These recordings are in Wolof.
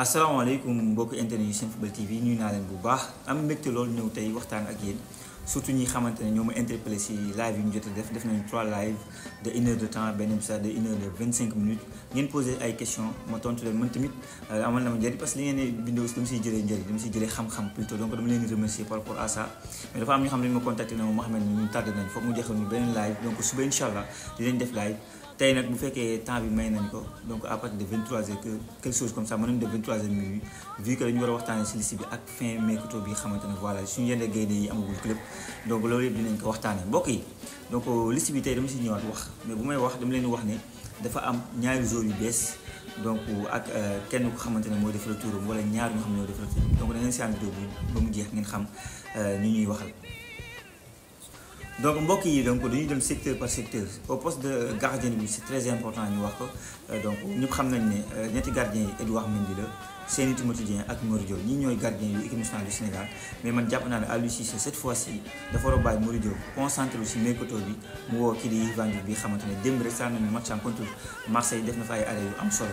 alaykum internet yi Football TV ñu naa leen bu baax am mbégte loolu ñëw tey waxtaan ak yéen surtout ñi xamante ne live trois live de 1 heure de temps benn bi de 1 heure de 25 minutes ay questions ma tontu leen man tamit euh, amal na ma njëriñ parce que li ngeen bindoo dama siy jëlee njëriñ dama siy jëlee xam-xam plutôt donc dama leen remercier par rapport à ça mais dafa am ñoo xam ne ma contacté ñu tardé nañ foog mu jeexal ñu live donc suba incha allah di leen def live tey nag bu fekkee temps bi may nañ ko donc à partir de 23h que quelque chose comme ça mën nañ de 23h minuit vu que dañu war a waxtaanee si liste bi ak fin mercato bi xamante ne voilà suñu yenn gaynde yi amagul club donc loolu yëpp dinañ ko waxtaanee mbokk yi donc euh, liste bi tey dama si ñëwaat wax mais bu may wax dama leen wax ne dafa am ñaari yu bees donc euh, ak euh, kenn ko xamante ne mooy def retouram wala ñaar ñoo xam ne ñoo def retouram donc da ngeen si ànd ba mu jeex ngeen xam ni ñuy wax waxal. donc mbokk yi donc dañu dem secteur par secteur au poste de gardien bi c'est très important ñu wax ko euh, donc ñëpp xam nañ ne euh, ñetti gardien yi Edouard Mendy la Seny Timothy ak Mory Diop ñi ñooy gardien yu équipe nationale du Sénégal mais man jàpp naa ne Aliou Cissé cette fois ci dafa war a bàyyi Mory concentré wu si mercato bi mu woo kii di Yehvan bi xamante ne démb rek saa nañu match contre Marseille def na fa ay arrêt yu am solo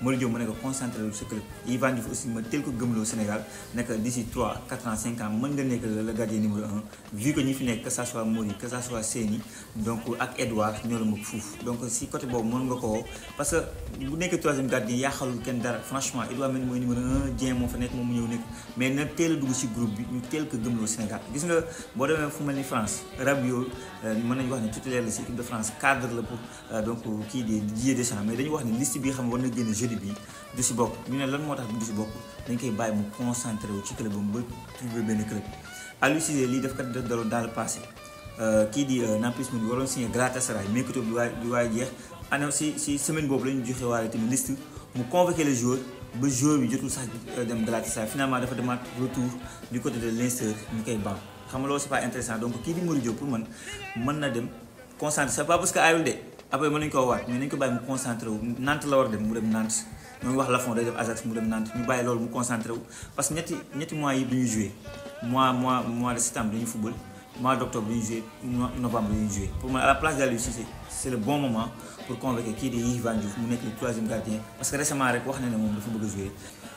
Molly Diop mu ne ko concentré wu sa club Yvan Diouf aussi ma tel ko gëmloo Sénégal nekk d'ici 3 4 ans 5 ans mën nga nekk le gardien numéro 1 vu que ñi fi nekk que ça soit Mori que ça soit Seny donc ak Edouard ñoo la mag fuuf donc si côté boobu mën nga ko parce que bu nekkee troisième gardien yaa xalul kenn dara franchement Edouard Mendy mooy numéro 1 Dieng moo fa nekk moom mu ñëw nekk mais na teel a dugg si groupe bi ñu teel ko gëmloo Sénégal gis nga boo demee fu mel ni France Rabio euh, mën nañu wax ne titulaire la si équipe de France cadre la pour euh, donc kii di Didier Deschamps mais dañu wax ne liste bi xam war na génn jeudi bi du si bokk ñu ne lan moo tax du mu concentré la ñu ba joueur bi jotul sax euh, dem Galatasaray finalement dafa demaat retour du côté de Leinster ñu koy ban xam nga intéressant donc kii di Mory pour man mën na dem concentré c'est parce que ayul de après mën nañu koo waaj mais nañu ko bàyyi mu concentré wu Nantes la war dem mu dem Nantes ñooñu wax Lafond day def Ajax mu dem Nantes ñu bàyyi loolu mu concentré wu parce que ñetti ñetti mois yi du ñu joué mois mois mois le septembre dañu football mois d' octobre dañu joué novembre dañu jouer pour moi à la place d'Aliou Cissé c' le bon moment pour convoquer kii di Yehvan Diouf mu nekk le troisième gardien parce que récemment rek wax na ne moom dafa bëgg a joué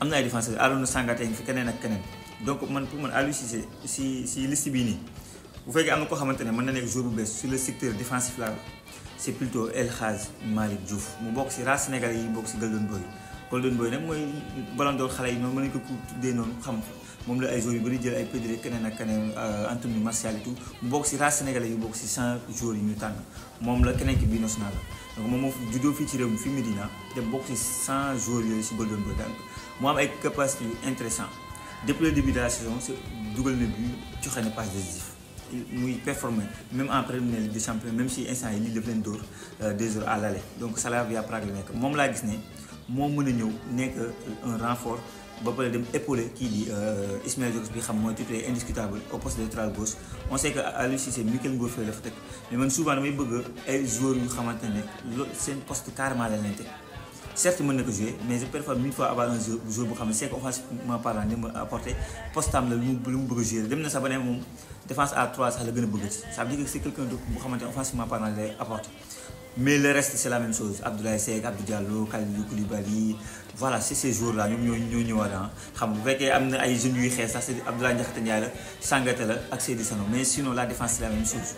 am na ay défenseurs Arouna Sangata yi fi keneen ak keneen donc man pour man Aliou Cissé si si liste bii nii bu fekkee am na koo xamante ne mën na nekk joueur bu bees sur le secteur défensif là c' est plutôt El Hadj Malick Diouf mu bokk si race Sénégal yi bokk si Golden Boy Golden Boy nag mooy Ballon d'Or xale yi noonu mën nañu ko tuddee noonu xam moom la ay joueurs yu bëri jël ay Pedri keneen ak keneen euh, Anthony Martial et tout mu bokk si race sénégalais yi bokk si 100 joueurs yi ñu tànn moom la keneen bii national la. donc moom moo juddoo fii ci réew mi fi Médina te bokk ci 100 joueurs yooyu si Golden Boy donc mu am ay capacités yu intéressant depuis le début de la saison c'est dugal na bi joxe na passe décisif muy performer même en Premier League des champions même si instant yi lii daf leen dóor euh, deux heures à l'aller donc Slavia Prague la nekk moom laa gis ne moo mën a ñëw nekk un renfort ba pare dem épaulé kii di euh, Ismaël Diop bi xam mooy titulaire indiscutable au poste de latéral gauche on sait que Aliou Cissé Michel Ngor Faye la fa mais man souvent damay bëgg ay joueurs yu xamante ne loolu seen poste carrément la leen teg certes mën na ko jouer mais je préfère mille fois avoir un joueur bu xam ne c'est que offensivement parlant li mu apporté poste la lu mu bëgg a dem na sax ba ne moom. défense à 3 ça la gën a bëgg ci ça veut dire que c'est quelqu'un d'autre bu xamante ne offensivement parlant les apporter mais le reste c'est la même chose Abdoulaye Seck Abdou Diallo Kalidou Koulibaly voilà c'est ces jours là ñoom ñoo ñoo ñëwaat ah xam bu fekkee amna ay jeunes yuy xees sax c'est Abdoulaye Diakhaté Ndiaye la Sangata la ak Seydi Sano mais sinon la défense c'est la même chose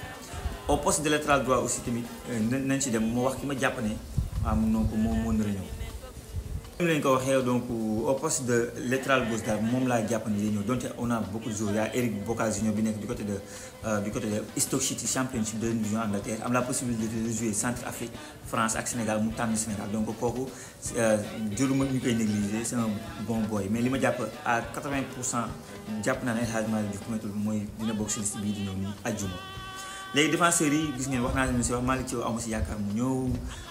au poste de latéral droit aussi tamit euh, nañ ci dem mo wax ki ma japp né waaw mun noonu ko moom moo nar ñëw nous ni ko donc au poste de l'étral gauche daal la laa jàpp ne lay on a beaucoup de joueurs y a Eric Boca Junior bi nekk du côté de euh, du côté de Stock City championship de division Angleterre am la possibilité de jouer centre Afrique France avec Sénégal mu tànn Sénégal donc kooku euh, juruma ñu koy négliger c'est un bon boy mais li ma à 80 pour cent jàpp naa du El Hadji Malick Diouf ku dina bokk si liste de di ñëw nii àjjuma léegi défenseurs yi gis ngeen wax naa leen si wax Malick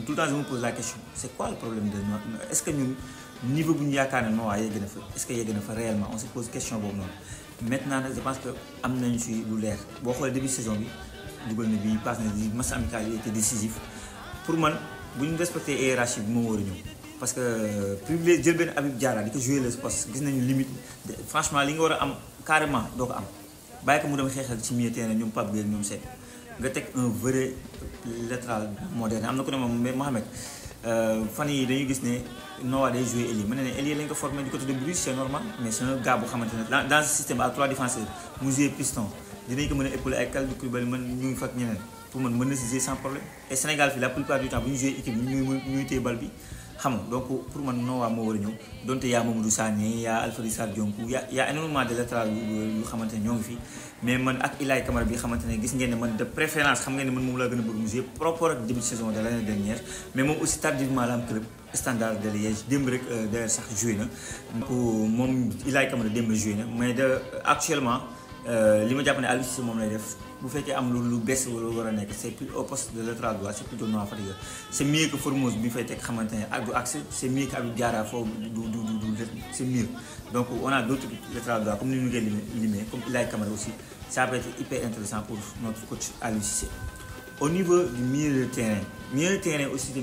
tout le temps je me pose la question c'est quoi le problème de est ce que ñun niveau Bouniakan, ñu yaakaar ne est ce que yegg na fa réellement on se pose question boobu noonu maintenant je pense que am nañu si lu leer au début début saison bi dugal na bi passe na di match amical était décisif pour moi, bu ñu respecté hiérarchie bi moo war parce que euh, privilège de benn Habib Diarra di ko jouer le poste a nañu limite franchement li nga war a am carrément doo ko am a ko mu dem xeexal ci milieu terrain ñoom Pape Gueye ñoom nga teg un vrai latéral moderne am na ku ne moom Mohamed euh, fan yi dañuy gis ne Noah day joué ailier mu ne ne ailier lañ ko formé du côté de Bruges c'est normal mais c'est un gars bu xamante ne dans ce système à trois défenseurs mu joué piston dinañ ko mën a épauler ay du Koulibaly mën ñu ngi fak ñeneen pour mën mën na si jouer sans problème et Sénégal fii la plupart du temps bu ñu joué équipe ñuy ñuy téye bal bi xam nga donc pour man non waa moo war a ñëw donte yaa Mamadou Sané yaa Alfred Sarr Diomkou yaa yaa de latéral yu xamante ne fi mais man ak Ilaay Camara bi xamante ne gis ngeen ne man de préférence xam ngeen ne man moom laa gën a bëgg mu jouer par rapport ak début de saison de l' année dernière mais moom aussi tardivement la am club standard de Liège démb rek euh, d'ailleurs sax joué na donc moom Ilaay Camara démb joué na mais de actuellement euh, li ma jàpp ne Aliou vous faites am lu lu bees wala wara nek c'est plus au poste de latéral droit c'est plutôt non Fadiga c'est mieux que Formose bi fay tek xamante ak accès c'est mieux que Abib Diarra du du du c'est mieux donc on a d'autres autres droit comme ni ñu limé comme ilay Camara aussi ça va être hyper intéressant pour notre coach à au niveau du milieu de terrain milieu de terrain aussi de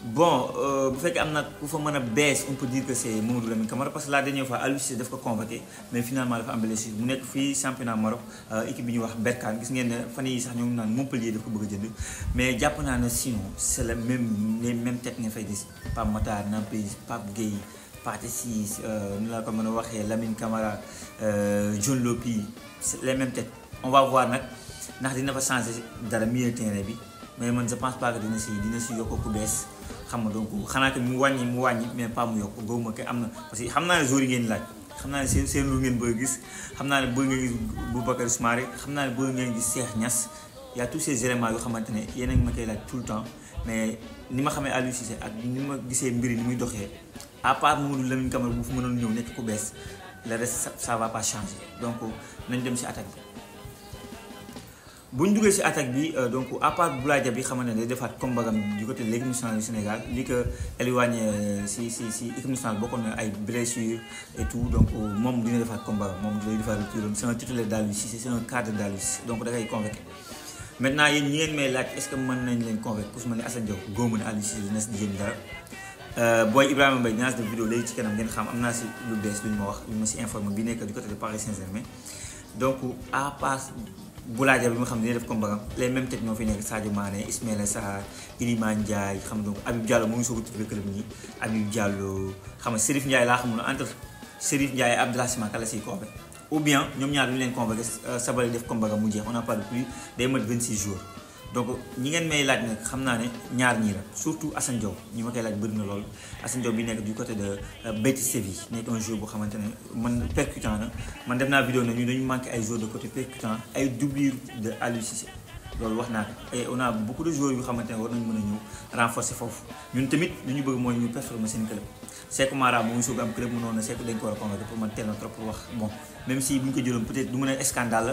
bon euh, bu fekkee am na ku fa mën a bees on peut dire que c'est est Mamadou Lamine Camara parce que la dernière fois Aliou Cissé daf ko convoqué mais finalement dafa am blessure mu nekk fii championnat Maroc euh, équipe bi ñuy wax Berkane gis ngeen ne fan yii sax ñoo ngi naan Montpellier daf ko bëgg a jënd mais jàpp naa ne sinon c' est le même les mêmes têtes nga fay gis Pape Matar Nampalys Pape Gueye Pathé Ciss euh, nu la ko mën a Lamine Camara John Lopy c' les mêmes têtes on va voir nag ndax dina fa changé dara milieu terrain bi mais man je pense pas que dina si dina si yokk ku bees. xam nga donc xanaa mu wàññi mu wàññi mais pas mu yokk gëwuma que am que xam naa ne joueurs yi ngeen laaj xam naa ne seen bëgg gis xam naa ne bëgg ngeen gis Boubacar Soumaré xam naa ne bëgg gis Cheikh Niass y a tous ces éléments yoo xamante ne yéen a ngi ma koy laaj tout le temps mais ni ma xamee Aliou Cissé ak ni ma gisee mbir yi ni muy doxee à part Mamadou Lamine Camara bu fu mënoon ñëw nekk ku bees le reste ça va pas changer donc nañ dem si attaque bi buñ ñu duggee si attaque bi euh, donc à part Boulaye Dia bi xamante ne day defaat combat am du côté de l'équipe nationale du Sénégal li ko éloigné si si si équipe nationale bokkoon na ay blessures et tout donc euh, moom dina defaat combat am moom day defaat rupture c'est un titulaire daal di si c'est un cadre daal donc da ngay convaincre. maintenant yéen ñi ngeen may laaj est-ce que mën nañ leen convaincre ku su ma ne Assane Diao góobu na Aliou Cissé dina si jëm dara euh, booy Ibrahima Mbaye dinaa si def vidéo léegi ci kanam ngeen xam am naa si lu bees duñ ñu ma wax lu ma si informé bi nekk du côté de Paris Saint-Germain donc à part. Boulaye Dia bi nga xam ne dina def comme bagam les mêmes têtes ñoo fi nekk Sadio Mané Ismaïla Sarr Iliman Ndiaye xam donc Habib Diallo mu ngi soog a tudd club nii Habib Diallo xam nga Serif Ndiaye laa xamul entre Serif Ndiaye Abdoulaye Kala siy koobe ou bien ñoom ñaar lu leen convoqué euh, Sabaly def comme bagam mu jeex on n'a pas de plus day mat 26 jours. donc ñi ngeen may laaj nag xam naa ne ñaar ñii la surtout Assane Diop ñi ma koy laaj bëri na lool Assane Diop bi nekk du côté de euh, Betis Séville nekk un joueur boo xamante ne man percutant na man def naa vidéo na ñu dañu manqué ay joueurs de côté percutant ay doublure de Aliou loolu wax naa ko et on a beaucoup de joueurs yu xamante war nañu mën a ñëw foofu ñun tamit li ñu bëgg mooy ñu performer seen club Seck Mara bu ñu soog am club mënoon na Seck dañ ko war a convaincre a scandale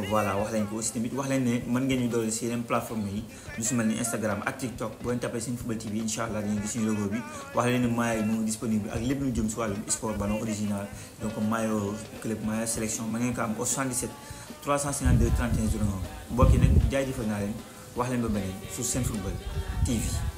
voilà wax lañ ko aussi tamit wax leen ne mën ngeen ñu doole si yeneen plateforme yi ñu si mel ni Instagram ak TikTok boo leen tapee seen football TV incha allah dañuy gis suñu logo bi wax leen ne maillot mu disponible ak lépp lu jëm si wàllum sport ballon original donc maillot club maillot sélection mën ngeen ko am au 77 352 31 01 mbokk yi nag jaajëfal naa leen wax leen ba beneen sur seen football TV.